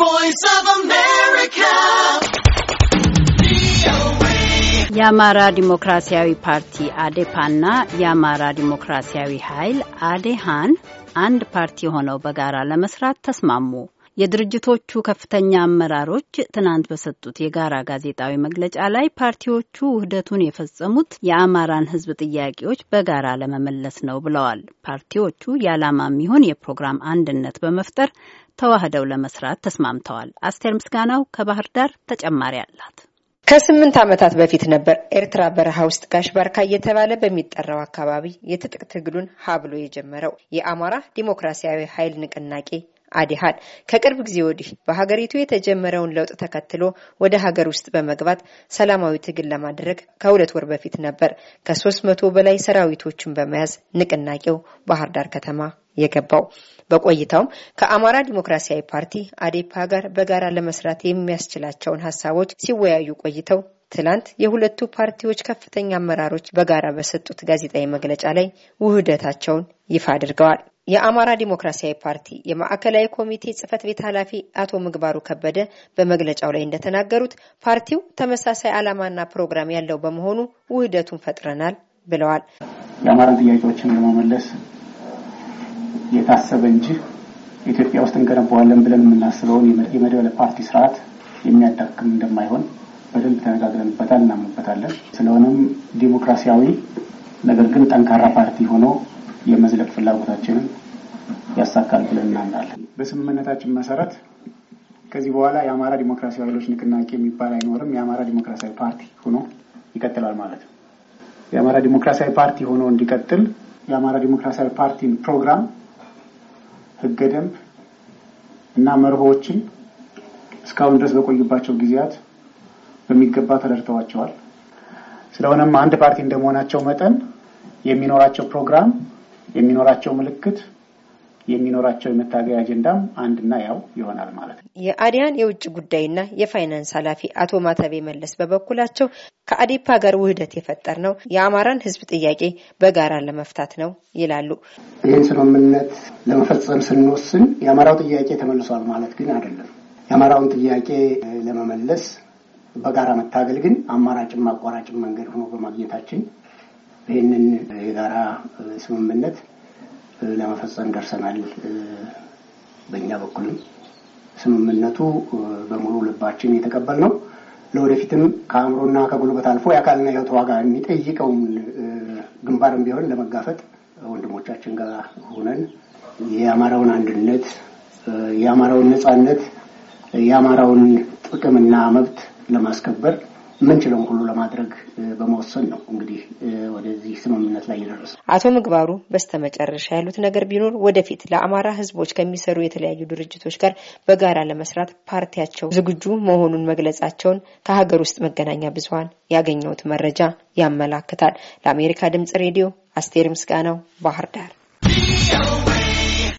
voice የአማራ ዲሞክራሲያዊ ፓርቲ አዴፓና የአማራ ዲሞክራሲያዊ ኃይል አዴሃን አንድ ፓርቲ ሆነው በጋራ ለመስራት ተስማሙ። የድርጅቶቹ ከፍተኛ አመራሮች ትናንት በሰጡት የጋራ ጋዜጣዊ መግለጫ ላይ ፓርቲዎቹ ውህደቱን የፈጸሙት የአማራን ሕዝብ ጥያቄዎች በጋራ ለመመለስ ነው ብለዋል። ፓርቲዎቹ የዓላማ የሚሆን የፕሮግራም አንድነት በመፍጠር ተዋህደው ለመስራት ተስማምተዋል። አስቴር ምስጋናው ከባህር ዳር ተጨማሪ አላት። ከስምንት ዓመታት በፊት ነበር ኤርትራ በረሃ ውስጥ ጋሽ ባርካ እየተባለ በሚጠራው አካባቢ የትጥቅ ትግሉን ሀብሎ የጀመረው የአማራ ዲሞክራሲያዊ ኃይል ንቅናቄ አዲሃል ከቅርብ ጊዜ ወዲህ በሀገሪቱ የተጀመረውን ለውጥ ተከትሎ ወደ ሀገር ውስጥ በመግባት ሰላማዊ ትግል ለማድረግ ከሁለት ወር በፊት ነበር ከሶስት መቶ በላይ ሰራዊቶችን በመያዝ ንቅናቄው ባህር ዳር ከተማ የገባው። በቆይታውም ከአማራ ዲሞክራሲያዊ ፓርቲ አዴፓ ጋር በጋራ ለመስራት የሚያስችላቸውን ሀሳቦች ሲወያዩ ቆይተው ትላንት የሁለቱ ፓርቲዎች ከፍተኛ አመራሮች በጋራ በሰጡት ጋዜጣዊ መግለጫ ላይ ውህደታቸውን ይፋ አድርገዋል። የአማራ ዲሞክራሲያዊ ፓርቲ የማዕከላዊ ኮሚቴ ጽህፈት ቤት ኃላፊ አቶ ምግባሩ ከበደ በመግለጫው ላይ እንደተናገሩት ፓርቲው ተመሳሳይ ዓላማና ፕሮግራም ያለው በመሆኑ ውህደቱን ፈጥረናል ብለዋል። የአማራን ጥያቄዎችን ለመመለስ የታሰበ እንጂ ኢትዮጵያ ውስጥ እንገነባዋለን ብለን የምናስበውን የመድበለ ፓርቲ ስርዓት የሚያዳክም እንደማይሆን በደንብ ተነጋግረንበታል፣ እናምንበታለን። ስለሆነም ዲሞክራሲያዊ ነገር ግን ጠንካራ ፓርቲ ሆኖ የመዝለቅ ፍላጎታችንን ያሳካል ብለን እናምናለን። በስምምነታችን መሰረት ከዚህ በኋላ የአማራ ዲሞክራሲያዊ ኃይሎች ንቅናቄ የሚባል አይኖርም። የአማራ ዲሞክራሲያዊ ፓርቲ ሆኖ ይቀጥላል ማለት ነው። የአማራ ዲሞክራሲያዊ ፓርቲ ሆኖ እንዲቀጥል የአማራ ዲሞክራሲያዊ ፓርቲን ፕሮግራም፣ ህገ ደንብ እና መርሆዎችን እስካሁን ድረስ በቆዩባቸው ጊዜያት በሚገባ ተረድተዋቸዋል። ስለሆነም አንድ ፓርቲ እንደመሆናቸው መጠን የሚኖራቸው ፕሮግራም የሚኖራቸው ምልክት የሚኖራቸው የመታገያ አጀንዳም አንድና ያው ይሆናል ማለት ነው። የአዲያን የውጭ ጉዳይና የፋይናንስ ኃላፊ አቶ ማተቤ መለስ በበኩላቸው ከአዴፓ ጋር ውህደት የፈጠር ነው የአማራን ሕዝብ ጥያቄ በጋራ ለመፍታት ነው ይላሉ። ይህን ስምምነት ለመፈጸም ስንወስን የአማራው ጥያቄ ተመልሷል ማለት ግን አይደለም። የአማራውን ጥያቄ ለመመለስ በጋራ መታገል ግን አማራጭም አቋራጭም መንገድ ሆኖ በማግኘታችን ይህንን የጋራ ስምምነት ለመፈጸም ደርሰናል። በእኛ በኩልም ስምምነቱ በሙሉ ልባችን የተቀበል ነው። ለወደፊትም ከአእምሮና ከጉልበት አልፎ የአካልና ሕይወት ዋጋ የሚጠይቀውን ግንባርም ቢሆን ለመጋፈጥ ወንድሞቻችን ጋር ሆነን የአማራውን አንድነት፣ የአማራውን ነጻነት፣ የአማራውን ጥቅምና መብት ለማስከበር የምንችለውን ሁሉ ለማድረግ በመወሰን ነው እንግዲህ ወደዚህ ስምምነት ላይ የደረሰ። አቶ ምግባሩ በስተመጨረሻ ያሉት ነገር ቢኖር ወደፊት ለአማራ ሕዝቦች ከሚሰሩ የተለያዩ ድርጅቶች ጋር በጋራ ለመስራት ፓርቲያቸው ዝግጁ መሆኑን መግለጻቸውን ከሀገር ውስጥ መገናኛ ብዙኃን ያገኘሁት መረጃ ያመላክታል። ለአሜሪካ ድምጽ ሬዲዮ አስቴር ምስጋናው ባህር ዳር